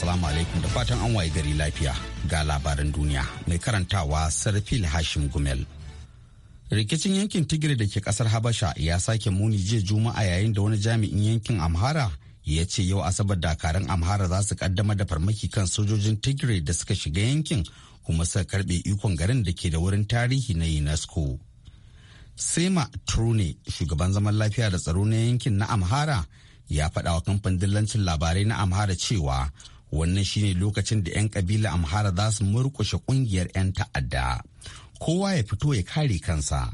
Assalamu alaikum da fatan an waye gari lafiya ga labaran duniya mai karantawa Sarfil Hashim Gumel. Rikicin yankin Tigray da ke kasar Habasha ya sake muni jiya Juma'a yayin da wani jami'in yankin Amhara ya ce yau Asabar dakarun Amhara za su kaddama da farmaki kan sojojin Tigray da suka shiga yankin kuma suka karbe ikon garin da ke da wurin tarihi na UNESCO. Sema Trune, shugaban zaman lafiya da tsaro na yankin na Amhara, ya faɗa wa kamfanin dillancin labarai na Amhara cewa wannan shine lokacin da 'yan kabila amhara za su murkushe kungiyar 'yan ta'adda kowa ya fito ya kare kansa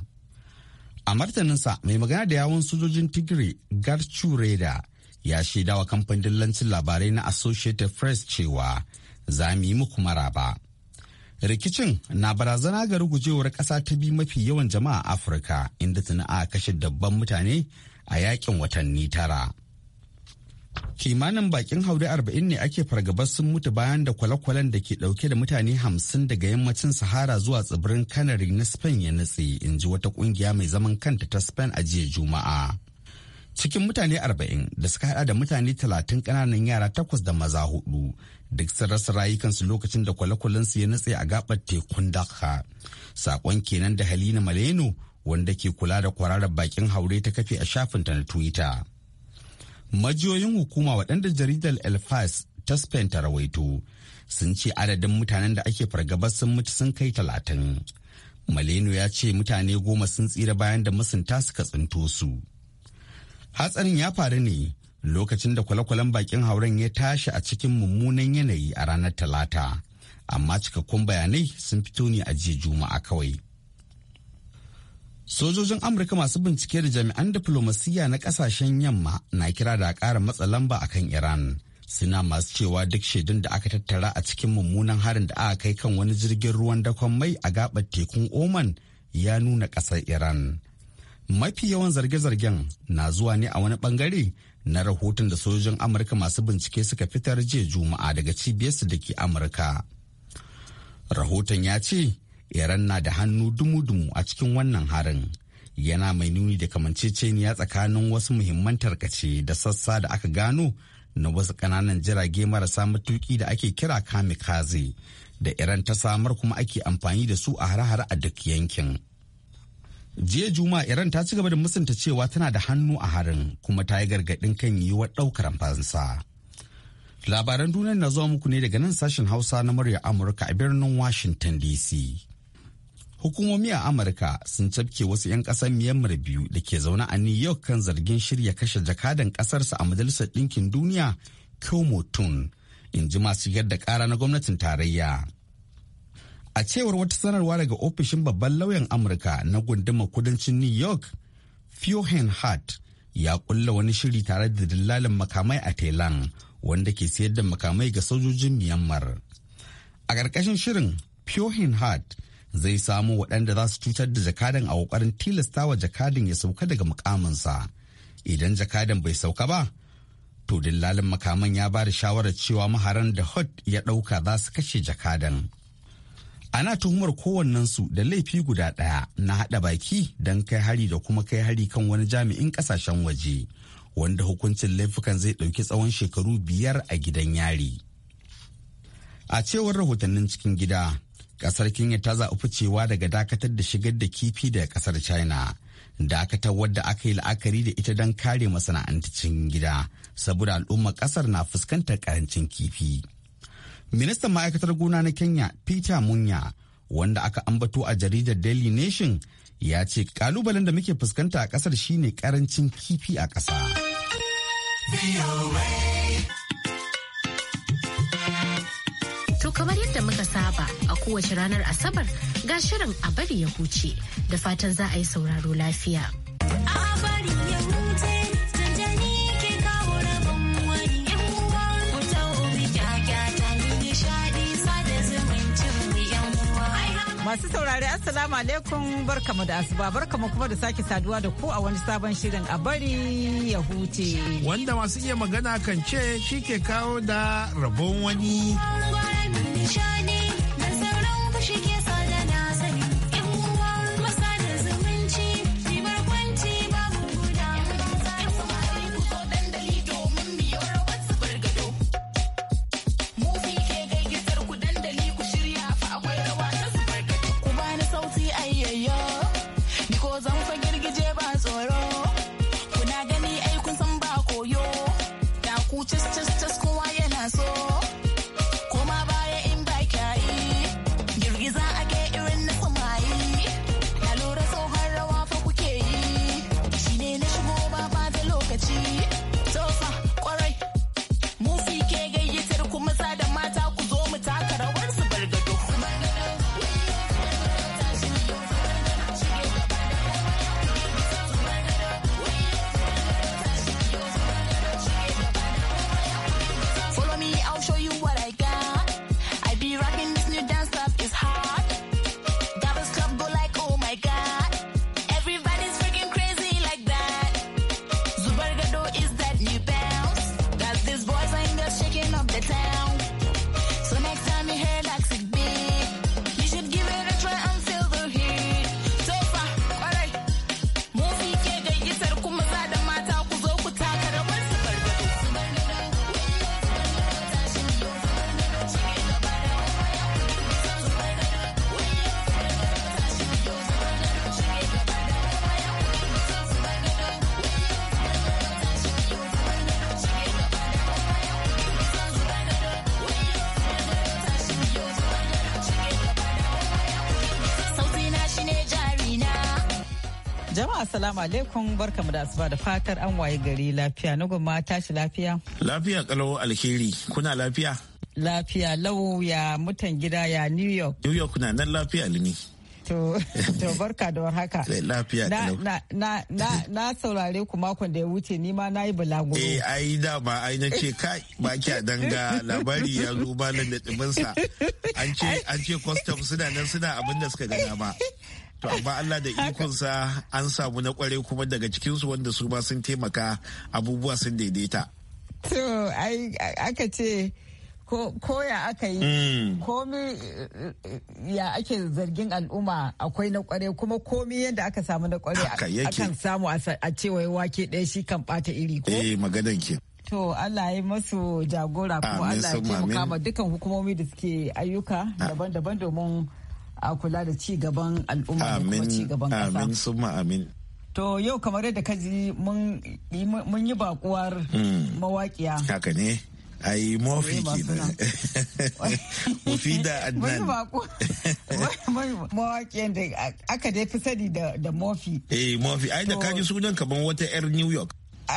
a martaninsa mai magana da yawon sojojin tigiri garchu reda ya shaidawa kamfanin dillancin labarai na associated press cewa za mu yi muku maraba rikicin na barazana ga rugujewar kasa ta bi mafi yawan jama'a afirka inda tuni a kashe dabban mutane a yakin watanni tara kimanin bakin haure arba'in ne ake fargabar sun mutu bayan da kwale-kwalen da ke dauke da mutane hamsin daga yammacin sahara zuwa tsibirin canary na spain ya nutse in ji wata kungiya mai zaman kanta ta spain a jiya juma'a cikin mutane arba'in da suka hada da mutane talatin kananan yara takwas da maza hudu duk sun rasa rayukansu lokacin da kwale-kwalen su ya nutse a gabar tekun dakha sakon kenan da halina maleno wanda ke kula da kwararar bakin haure ta kafe a shafinta na twitter majiyoyin hukuma waɗanda jaridar el ta spain ta rawaito sun ce adadin mutanen da ake fargabar sun mutu sun kai talatin maleno ya ce mutane goma sun tsira bayan da masunta suka tsinto su hatsarin ya faru ne lokacin da kwale-kwalen bakin hauren ya tashi a cikin mummunan yanayi a ranar talata amma cikakkun bayanai sun fito ne a jiya juma'a kawai Sojojin Amurka masu bincike da jami'an diflomasiyya na kasashen yamma na kira da ƙara matsa lamba akan Iran. Suna masu cewa duk shaidun da aka tattara a cikin mummunan harin da aka kai kan wani jirgin ruwan dakon mai a gaɓar tekun Oman ya nuna ƙasar Iran. Mafi yawan zarge-zargen na zuwa ne a wani ɓangare na rahoton da sojojin Amurka masu bincike suka fitar jiya Juma'a daga cibiyarsu da ke Amurka. Rahoton ya ce iran na da hannu dumu-dumu a cikin wannan harin yana mai nuni da kamanceceniya tsakanin wasu muhimman tarkace da sassa da aka gano na wasu ƙananan jirage marasa matuƙi da ake kira kamikaze da iran ta samar kuma ake amfani da su a har hare a duk yankin jiya juma iran ta ci gaba da musanta cewa tana da hannu a harin kuma ta yi gargaɗin kan yiwuwar ɗaukar fansa labaran duniyar na zuwa muku ne daga nan sashen hausa na murya amurka a birnin washington dc Hukumomi a Amurka sun cafke wasu 'yan ƙasar Myanmar biyu da ke zaune a New York kan zargin shirya kashe jakadan ƙasarsa a Majalisar Ɗinkin Duniya, Kyomo Tun, in ji masu yadda ƙara na gwamnatin tarayya. A cewar wata sanarwa daga ofishin babban lauyan Amurka na gundumar kudancin New York, Fiohen Hart ya kulla wani shiri tare da dillalin makamai a Thailand wanda ke sayar da makamai ga sojojin Myanmar. A ƙarƙashin shirin, Pyohin Hart zai samo waɗanda za su cutar da jakadan a ƙoƙarin wa jakadan ya sauka daga mukaminsa idan jakadan bai sauka ba to dillalin makaman ya ba da shawarar cewa maharan da hot ya ɗauka za su kashe jakadan ana tuhumar kowannensu da laifi guda ɗaya na haɗa baki don kai hari da kuma kai hari kan wani jami'in ƙasashen waje wanda hukuncin laifukan zai ɗauki tsawon shekaru biyar a gidan yari. A cewar rahotannin cikin gida, kasar kenya ta zaɓi ficewa daga dakatar da shigar da kifi daga kasar china dakatar wadda aka yi la'akari da ita don kare masana'antacin gida saboda al'ummar kasar na fuskantar karancin kifi ministan ma'aikatar gona na kenya peter munya wanda aka ambato a jaridar daily nation ya ce kalubalen da muke fuskanta a kasar shine karancin kifi a kasa. kamar yadda muka saba a kowace ranar Asabar ga shirin a bari ya huce da fatan za a yi sauraro lafiya. Masu saurari Assalamu alaikum barkamu da asuba barkamu kuma da sake saduwa da ko a wani sabon shirin a bari ya huce. Wanda masu iya magana kan ce shi ke kawo da rabon wani. shiny Assalamu alaikum barkamu da asuba da fatar an waye gari lafiya na gwamma tashi lafiya. Lafiya kalau alheri kuna lafiya? Lafiya lau ya mutan gida ya New York. New York na nan lafiya ne. To, barka da warhaka. Eh, lafiya na, na, na, na, saurare ku makon da ya wuce ni ma na yi bulaguro. Eh, ai dama ai na ce kai ba a danga labari ya zo malam da ɗuminsa. An ce, an ce kwastam suna nan suna abin da suka gana ba. to amma Allah da ikonsa an samu na kware kuma daga cikinsu wanda su ma sun taimaka abubuwa sun daidaita to ai aka ce ko ya aka yi hmm. komi ya ake zargin al'umma akwai na kware kuma komi yadda aka samu na kware akan samu a cewa wake ɗaya shi kan bata iri ko eh magadan ke To Allah ya masu jagora kuma Allah ya taimaka ma dukan hukumomi da suke ayyuka daban-daban domin a kula da ci gaban al'umma da kuma ci gaban ƙasa. Amin summa amin. To yau kamar yadda ka ji mun yi bakuwar hmm. mawaƙiya. Haka ne. Ayi mofi kenan. da Adnan. Mun bako. Mawaƙiyan da aka dai fi sani da mofi. Eh mofi ai da kaji sunan kaman wata 'yar New York.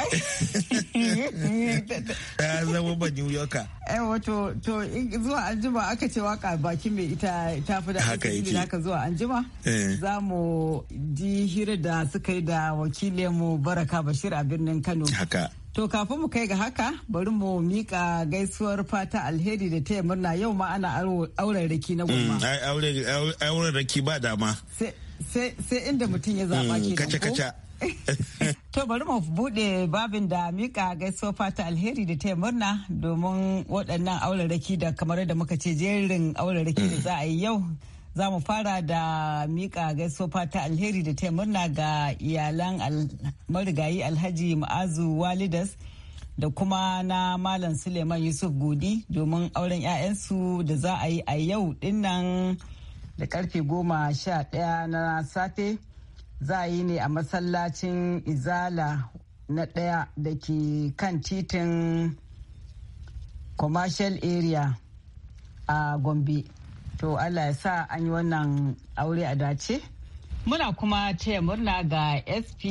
ya zama ba new yorker eh wato to zuwa anjima aka ce waka baki mai ita ta fi da haka yake haka zuwa anjima eh. za mu ji hira da suka yi da mu baraka bashir a birnin kano haka To kafin mu kai ga haka bari mu mika gaisuwar fata alheri da taya murna yau ma ana auren raki na goma. Mm, auren raki ba dama. Sai inda mutum ya zaba mm, ke Kaca kaca. To bari mu bude babin da mika gaisuwa fata alheri da ta murna domin waɗannan auraraki da kamar da muka ce jerin auraraki da za a yi yau. Za mu fara da mika gaisuwa fata alheri da ta murna ga iyalan marigayi alhaji ma'azu walidas da kuma na malam suleiman yusuf godi domin auren 'ya'yansu da za a yi a yau dinnan da karfe goma sha ɗaya na safe. za a yi ne a masallacin izala na ɗaya da ke kan titin commercial area a gombe to allah ya sa an yi wannan aure a dace muna kuma taya murna ga sp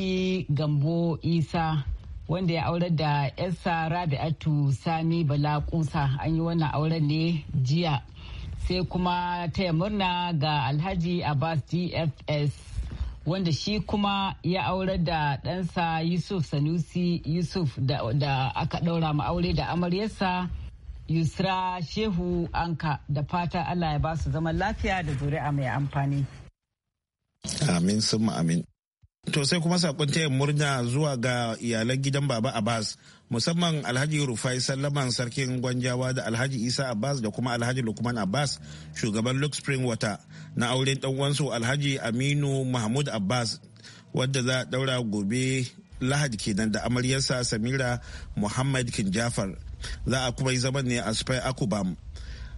gambo isa wanda ya aurar da yarsa rabi'atu sani bala kusa an yi wannan auren ne jiya sai kuma taya murna ga alhaji abbas dfs wanda shi kuma ya aure da ɗansa yusuf sanusi yusuf da, da aka ɗaura ma aure da amaryarsa yusra shehu anka da fata allah ya ba su zaman lafiya da zuri'a mai amfani amin sun amin to sai kuma saƙon taya murna zuwa ga iyalan gidan baba abbas musamman alhaji rufai sallaman sarkin gwanjawa da alhaji isa abbas da kuma alhaji lukman abbas shugaban luke springwater na auren uwansu alhaji aminu mahmud abbas wadda za a daura gobe lahadi kenan da amaryarsa samira muhammad kinjafar za a kuma yi zaman ne a spy akubam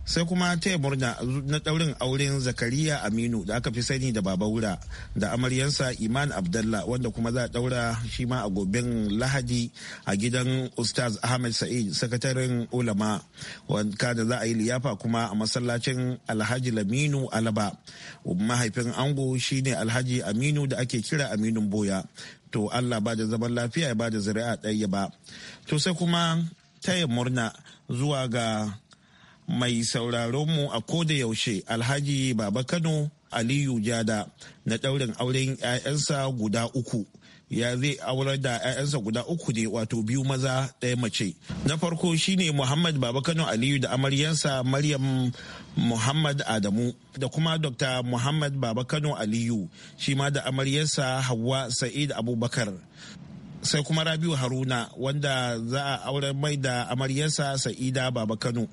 sai kuma taya murna na daurin auren zakariya aminu da aka fi sani da baba wura da amaryansa iman abdallah wanda kuma za a daura shi ma a goben lahadi a gidan ustaz ahmed sa'id sakataren ulama wanka da za a yi liyafa kuma a masallacin alhaji laminu alaba mahaifin ango shine alhaji aminu da ake kira aminu boya to allah ba da zaman lafiya ya ba da zuri'a ɗaya ba to sai kuma taya murna zuwa ga mai sauraronmu a koda yaushe alhaji baba kano aliyu jada na ɗaurin auren 'ya'yansa guda uku ya zai aurar da 'ya'yansa guda uku ne wato biyu maza ɗaya mace na farko shine muhammad baba kano aliyu da amaryansa maryam muhammad adamu da kuma dr muhammad baba kano aliyu shi ma da amaryansa hawa sa'id abubakar sai kuma rabiu haruna wanda za a aurar mai da amaryarsa sa'ida baba kano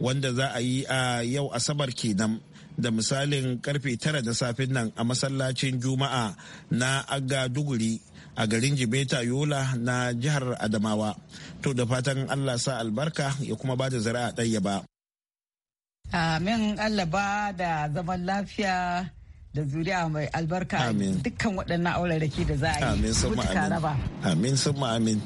wanda za a yi a yau asabar kenan da misalin karfe tara da safin nan a masallacin juma'a na aga duguri a garin jibeta yola na jihar adamawa to da fatan allah sa albarka ya kuma ba da zara'a ɗaya ba amin allah ba da zaman lafiya da zuriya mai albarka dukkan waɗannan aure da za a yi amin sun amin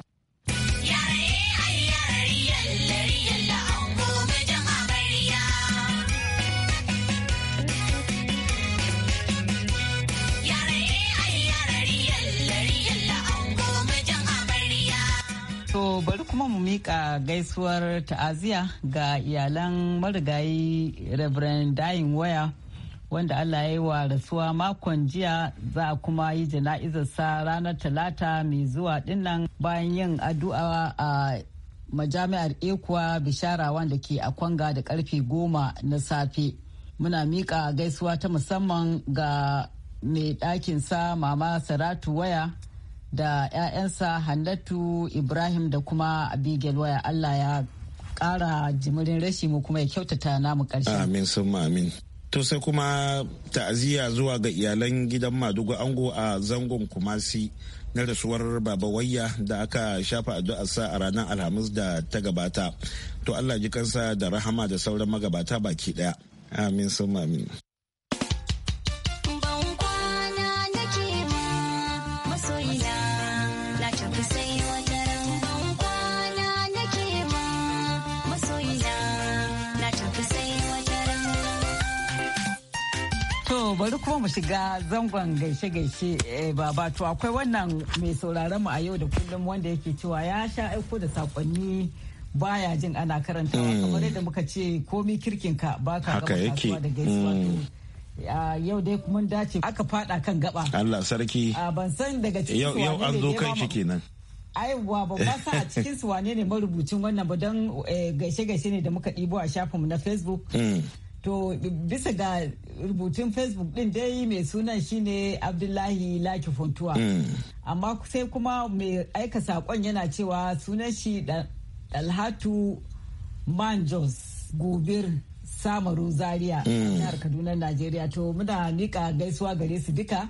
kuma mu mika gaisuwar ta'aziya ga iyalan marigayi Reverend Dayin Waya wanda Allah ya yi wa rasuwa makon jiya za a kuma yi jana'izar sa ranar talata mai zuwa dinnan bayan yin addu'a a majami'ar ekuwa bishara wanda ke a kwanga da karfe goma na safe muna mika gaisuwa ta musamman ga mai ɗakinsa mama saratu waya da 'ya'yansa hannatu ibrahim da kuma abigail waya allah ya kara jimirin rashi mu kuma ya kyautata namu karshe amin sun amin to sai kuma ta'aziyya zuwa ga iyalan gidan madugu ango a zangon kumasi na rasuwar baba wayya da aka shafa addu'a sa a ranar alhamis da ta gabata to allah ji kansa da rahama da sauran magabata baki ɗaya amin sun amin bari kuma mu shiga zangon gaishe-gaishe eh, baba to akwai wannan mai sauraron mu a yau da kullum wanda yake cewa ya sha aiko da sakonni baya jin ana karanta hmm. kamar yadda muka ce komi kirkin ka baka gaba kasuwa da gaisuwa hmm. yau dai kuma dace aka fada kan gaba Allah sarki ah, ban san daga cikin yau yau an zo kan shi kenan aiwa ba ba sa a cikin su wane ne marubucin wannan ba don eh, gaishe-gaishe ne da muka ɗibo a shafinmu na facebook hmm. To bisa ga rubutun Facebook din dai mai sunan shine Abdullahi Laki Fontuwa. Mm. Amma sai kuma mai aika saƙon yana cewa sunan shi Dalhatu Manjos Gobir Samaru Zaria mm. jihar Kaduna Najeriya to muna mika gaisuwa gare su duka.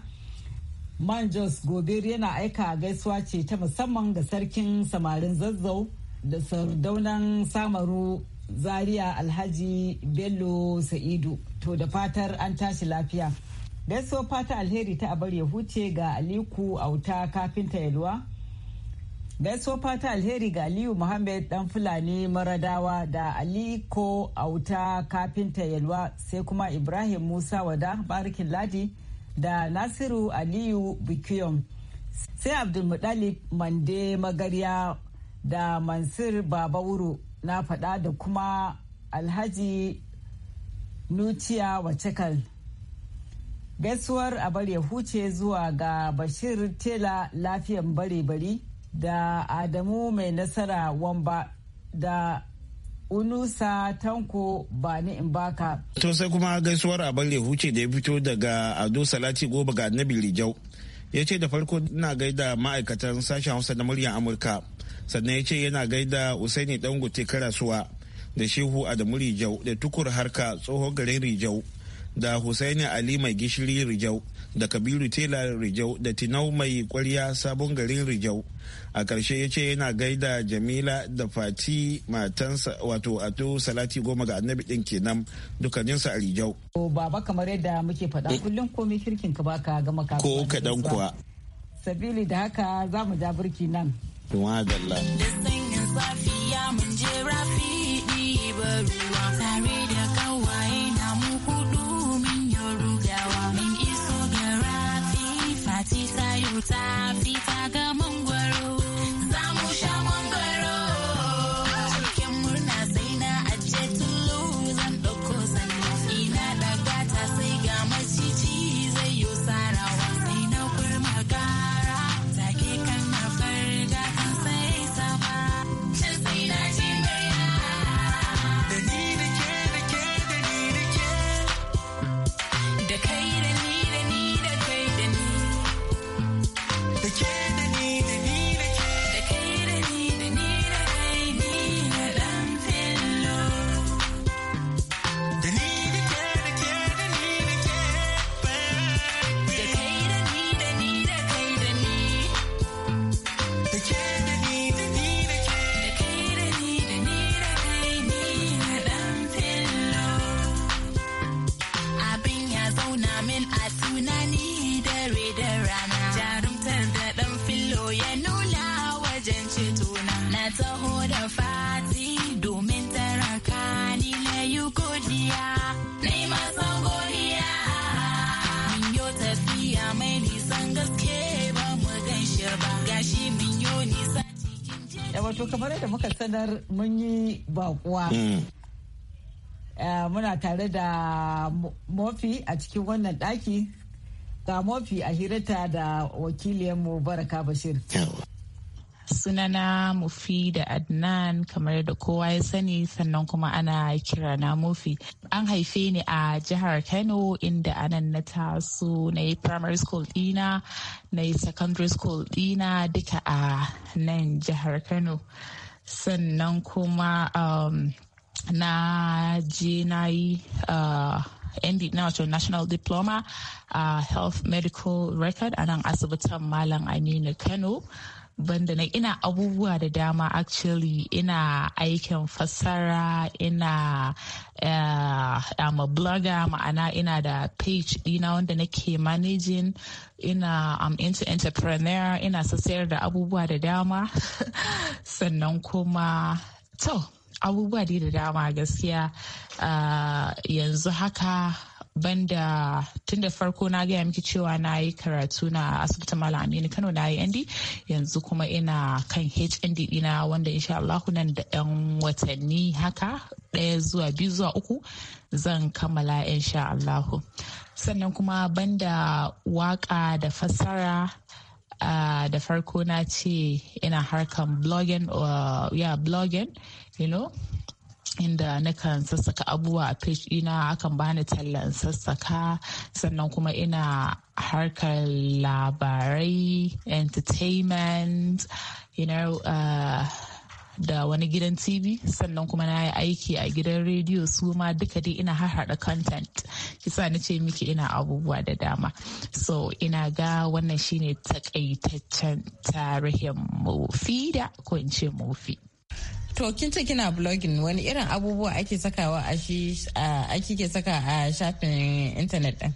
Manjos Gobir yana aika gaisuwa ce ta musamman ga sarkin samarin zazzau da sardaunan Samaru zaria alhaji bello sa'idu to da fatar an tashi lafiya gaisuwa fata alheri ta abar ya huce ga aliku auta kafinta yalwa gaisuwa fata alheri ga aliyu muhammed dan fulani maradawa da aliko auta kafinta yalwa sai kuma ibrahim musa wada barikin ladi da nasiru aliyu bikiyom sai abdulmudalib mande magarya da mansur babawuru na faɗa da kuma alhaji nuciya wacekal gaisuwar a bare huce zuwa ga bashir tela lafiyan bare bari da adamu mai nasara wamba da unusa tanko ba ni in baka to sai kuma gaisuwar a bare huce da ya fito daga ado salati goba ga annabi rijau ya ce da farko ina gaida ma'aikatan sashen hausa na muryar amurka sannan ya ce yana gaida usaini dangote karasuwa da shehu adamu rijau da tukur harka tsohon garin rijau da husaini ali mai gishiri rijau da kabiru tela rijau da tinau mai kwarya sabon garin rijau a ƙarshe ya ce yana gaida jamila da fati matansa wato ato salati goma ga annabi din kenan dukkaninsa a rijau. baba kamar yadda muke faɗa eh. kullum komai kirkin ka baka gama ko kaɗan kuwa. sabili da haka za mu ja birki nan Madalla. Da safiya kamar yadda muka sanar mun yi bakuwa. Mm. Eh, muna tare da Mofi a cikin wannan daki Ga Mofi a hirata da wakiliyarmu Baraka Bashir. sunana mufi da adnan kamar da kowa ya sani sannan kuma ana kira na mufi an haife ni a jihar kano inda anan na taso na yi primary school dina na yi secondary school dina duka a nan jihar kano sannan kuma um, na je na yi uh, National Diploma a uh, Health Medical Record anan nan asibitin Malam Aminu Kano. banda na ina abubuwa da dama actually ina aikin fassara ina uh, I'm a blogger ma'ana ina da page dina wanda nake managing ina am into entrepreneur ina sayar da abubuwa da dama sannan kuma to abubuwa da dama gaskiya eh, yanzu haka banda tun da farko na gaya miki cewa na yi karatu na asibitin malam aminu kano na yi nd yanzu kuma ina kan hnd dina wanda insha allahu nan da yan watanni haka ɗaya zuwa biyu zuwa uku zan kammala insha allahu sannan kuma banda waka da fassara Uh, da farko na ce ina harkan blogging uh, yeah blogging you know inda nakan sassaka abubuwa a page dina akan bani tallan sassaka sannan kuma ina harkar labarai entertainment you know uh, da wani gidan tv sannan kuma na yi aiki a gidan rediyo su ma duka dai ina harhaɗa content kisa na ce miki ina abubuwa da dama so ina ga wannan shine takaitaccen tarihin mofi da ko in ce mofi To kin ce kina blogging wani irin abubuwa ake sakawa a shi ake ke saka a shafin intanet din?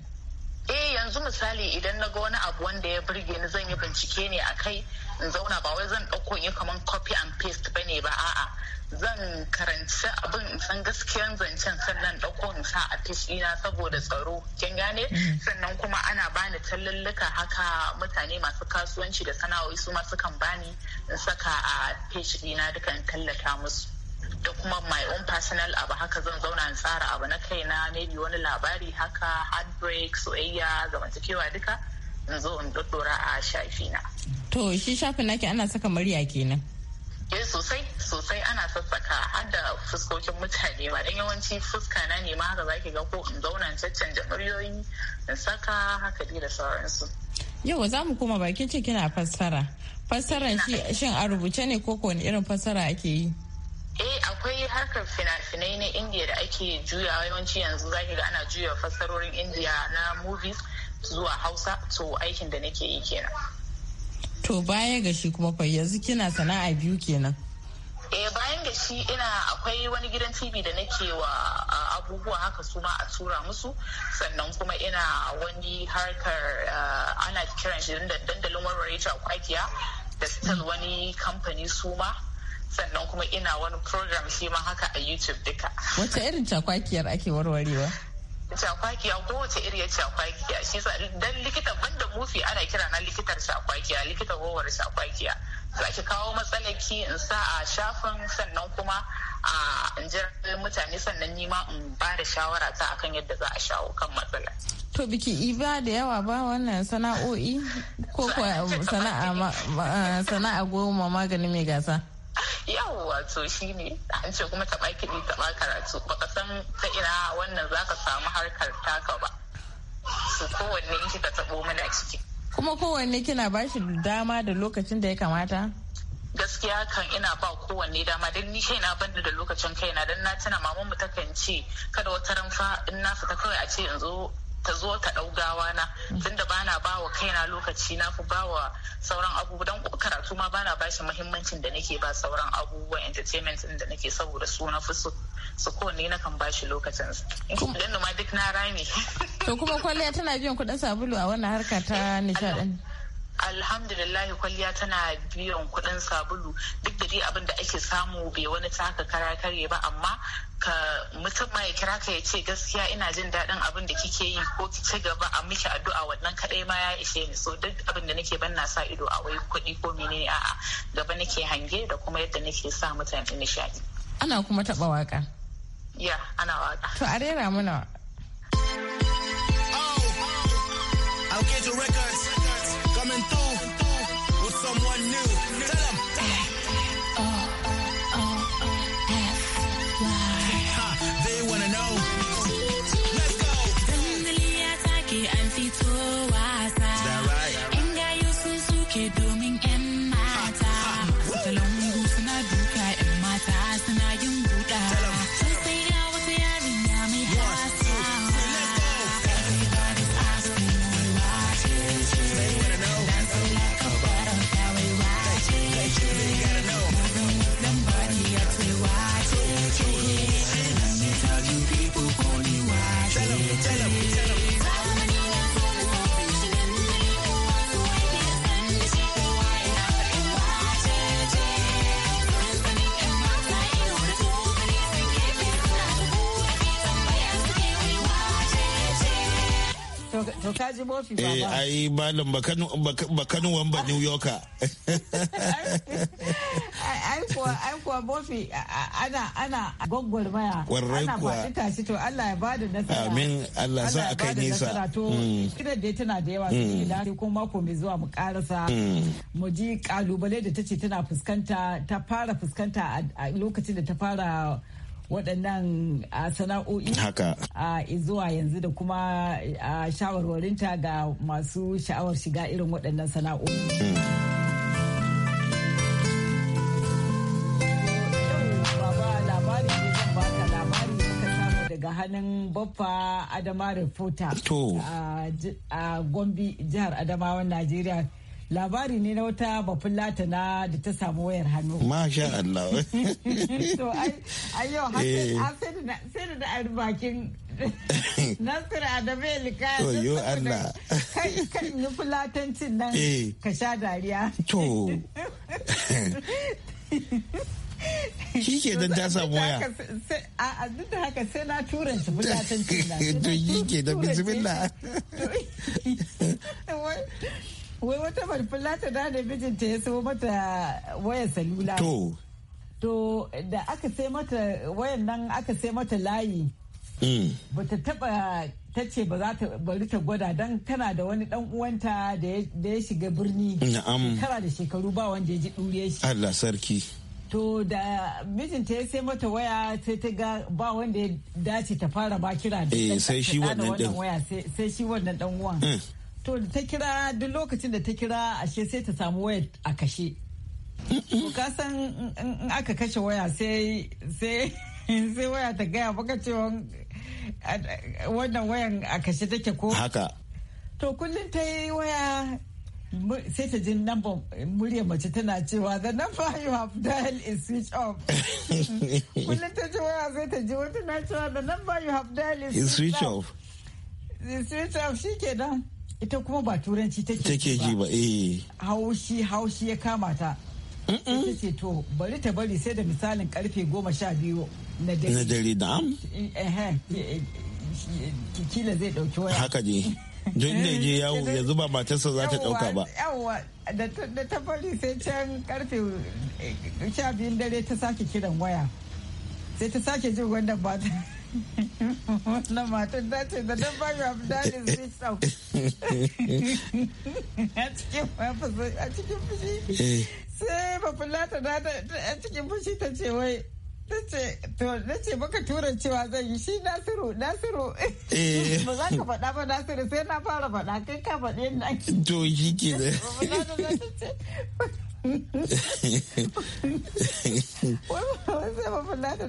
Eh yanzu misali idan na ga wani abu wanda ya burge ni zan yi bincike ne a kai in zauna ba wai zan ɗauko in yi kaman copy and paste bane ba a'a zan karanci abin in san gaskiyan zancen sannan ɗauko in sa a fish saboda tsaro kin gane mm. sannan kuma ana bani tallallika haka mutane masu kasuwanci da sana'o'i su masu kan bani in saka a fish duka in tallata musu da kuma my own personal abu haka zan zauna in tsara abu na kai na maybe wani labari haka heartbreak soyayya zamantakewa duka in zo in dora a shafi na. To shi shafin naki ana saka murya kenan. eh sosai sosai ana sassaka har da fuskokin mutane ma dan yawanci fuska na ne ma haka zaki ga ko in zauna caccanja muryoyi in saka haka dai da sauransu yau za mu koma bakin ce kina fassara fassara shin a rubuce ne ko wani irin fassara ake yi eh akwai harkar fina-finai na indiya da ake juyawa yawanci yanzu zaki ga ana juya fassarorin indiya na movies zuwa hausa to aikin da nake yi kenan To baya ga shi kuma kwai, yanzu kina sana'a biyu kenan. eh bayan gashi shi ina akwai wani gidan tv da nake wa abubuwa haka su ma a tura musu sannan kuma ina wani harkar ana kiran shi da dandalin warware ta kwakiya da still wani kamfani su ma sannan kuma ina wani program shi ma haka a youtube duka wacce irin takwakiyar ake warwarewa cakwakiya kowace iriya cakwakiya shi sa dan likita banda mufi ana kira na likitar cakwakiya likita gowar cakwakiya za ki kawo matsalaki in sa a shafin sannan kuma a in mutane sannan nima in ba da shawara ta akan yadda za a shawo kan matsala. To biki iba da yawa ba wannan sana'o'i ko sana'a goma magani mai gasa. yawwa wato shi ne an ce kuma taɓa kiɗi taɓa karatu baka san ta ina wannan zaka samu harkar taka ba su kowanne in kika taɓo mana ciki kuma kowanne kina ba shi dama da lokacin da ya kamata gaskiya kan ina ba kowanne dama don ni na banda da lokacin kaina don na tuna mu takan ce kada wata ranfa in na fita kawai a ce in zo ka zo ka ɗau gawa na mm. tunda bana ba wa kaina lokaci na fi ba wa sauran abubuwa don karatu ma bana ba shi muhimmancin da nake ba sauran abubuwa entertainment din da nake saboda su na fi su su ne na kan ba shi lokacin kuɗin ma duk na rami. to kuma kwalliya tana biyan kuɗin sabulu a wannan harka ta eh, nishaɗin. alhamdulillah kwalliya tana biyan kuɗin sabulu duk da dai abin da ake samu bai wani taka kara karye ba amma ka mutum ma kira ka ya ce gaskiya ina jin daɗin abin da kike yi ko ki ci gaba a miki addu'a wannan kaɗai ma ya ishe ni so duk abin da nake ban na sa ido a wai kuɗi ko menene a'a gaba nake hange da kuma yadda nake sa mutane nishaɗi. Ana kuma taɓa waka. Ya ana waka. To a rera mana ka ji bofi ba eh ai malam bakanu bakanu ba new yorker ai kuwa ai kuwa bofi ana ana gwaggwarmaya warrai kuwa ana faɗi shi to Allah ya bada nasara amin Allah sa a kai nisa to da mm. dai tana da yawa Kuma mm. ko mako mai zuwa mu karasa mm. mu ji kalubale da tace tana fuskanta ta fara fuskanta a lokacin da ta fara waɗannan sana'o'i haka zuwa yanzu da kuma a shawarwarinta ga masu sha'awar shiga irin waɗannan sana'o'i. hannun baffa adama reporter a gombe jihar adamawan najeriya labari ne na wata bafin latana da ta samu wayar hannu. Masha Allah. To ai yau eh. sai da da ari bakin Nasir Adamu Elika. To yo Allah. Kan yi fulatancin nan eh. ka sha dariya. To. shi ke don ta samu waya a duk da haka sai na turan su fulatancin nan to yi ke da bismillah wai wata farfilla ta da mijinta ya so mata wayar salula to to da aka sai mata wayan nan aka sai mata layi mm. ba ta taba ta ce ba za ta bari ta gwada don tana da wani dan uwanta da ya shiga birni kara da shekaru ba wanda ya ji ɗure shi Allah sarki to da mijinta ya sai mata waya sai ta ga ba wanda ya dace ta fara ba kira da eh, sai shi wannan waya sai shi wannan dan uwan mm. To da ta kira duk lokacin da ta kira ashe sai ta samu wayar a kashe. Ka san in aka kashe waya sai sai waya ta gaya baka cewa wannan wayan a kashe take ko? Haka. To kullum ta yi waya sai ta ji namba murya mace tana cewa the number you have dial is switch off. Kullum ta ji waya sai ta ji wata na cewa the number you have dial is switch off. Is switch off shi kenan. ita kuma ba turanci take ji ba eh haushi haushi ya kama ta ita ce to bari ta bari sai da misalin karfe goma sha biyu na dare da am kila zai dauki waya haka ne don da je eh, yawo ya zuba matarsa za ta dauka ba yawa da ta bari sai can karfe eh, sha biyun dare ta sake kiran waya sai ta sake jin wannan ba na matan da ce da don ba ya da zai sau a cikin fushi eh. sai da a cikin fushi ta ce wai na ce baka tura cewa zan yi shi nasiru nasiru eh. ba za ka faɗa ba nasiru sai na fara faɗa kai ka faɗi yadda ake to shi ke da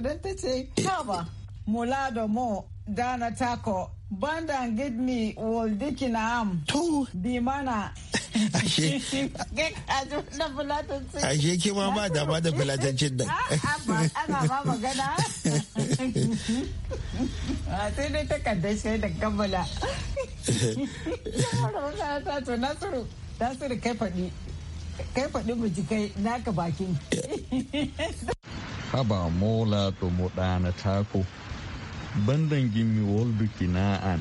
don ta ce kama Mulado Mo, Dana Tako, Banda Gidmi, Woldikinaam, To, Bimana. Ashe, ashe ke ma ah, ah, ba dama da filatancin nan. Ana ba magana. Ah, sai dai takardar sai da kammala. Ta to Nasiru, Nasiru kai faɗi. Kai faɗi bijikai naka bakin. Haba mola to mu ɗana tako. bandan gimi waldu kina'an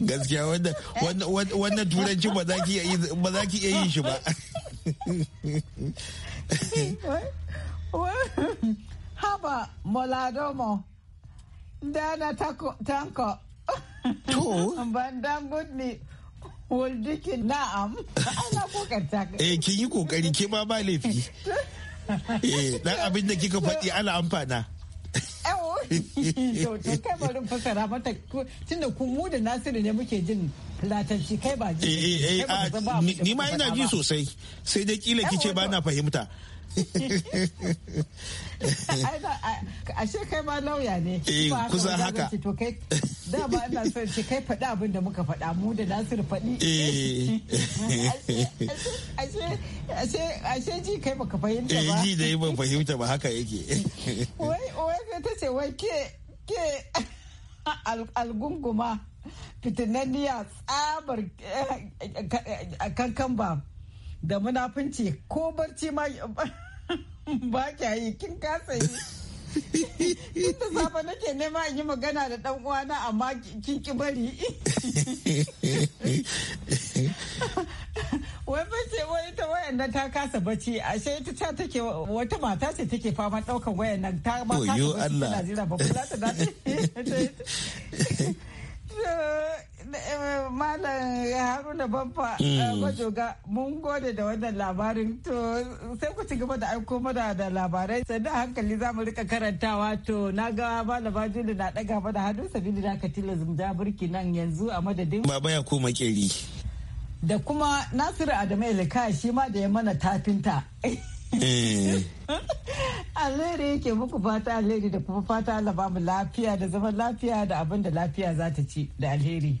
gaskiya wannan turanci ba za ki iya yi shi ba haba moladomo dana tanko to bandan gudni Waldikin na'am, ana kokarta. Eh, kin yi kokari, ke ma ba laifi. eh dan abin da kika faɗi ana amfana to to kai bari fasara mata tunda ku mu da Nasiru ne muke jin latanci kai ba ji ni ma ina ji sosai sai dai kila kice ba na fahimta a shi kai ma lauya ne eh, kusa haka to kai da ba ina son ce kai faɗi abin da muka faɗa mu da Nasir faɗi eh. ashe ashe ji kai baka fahimta ba ji eh, ji dai ban fahimta ba haka yake wai wai ta ce wai ke ke algunguma fitinanniya tsabar kankan ba da munafunci ko barci ma ba kya yi kin kasa yi Inda safa nake nema in yi magana da dan uwana amma kin ki bari wai ce wai ta wayan nan ta kasa bacci ashe ita ta take wata mata ce take fama daukan wayan nan ta ma ta ba ta jira ba ta dace Eh, Malam Haruna Baffa Bajoga eh, mm. mun gode da wannan labarin to sai ku ci gaba da aiko mana da labarai sannan hankali za mu rika karantawa to na ga malama na daga mana hannu sabili da aka tilas burki nan yanzu a madadin. Baba ya koma keri. Da kuma Nasiru Adamu Elika shi ma da ya mana tafinta. Eh. alheri yake muku fata alheri da kuma fata Allah ba mu lafiya da zaman lafiya da abin da lafiya za ta ci da alheri.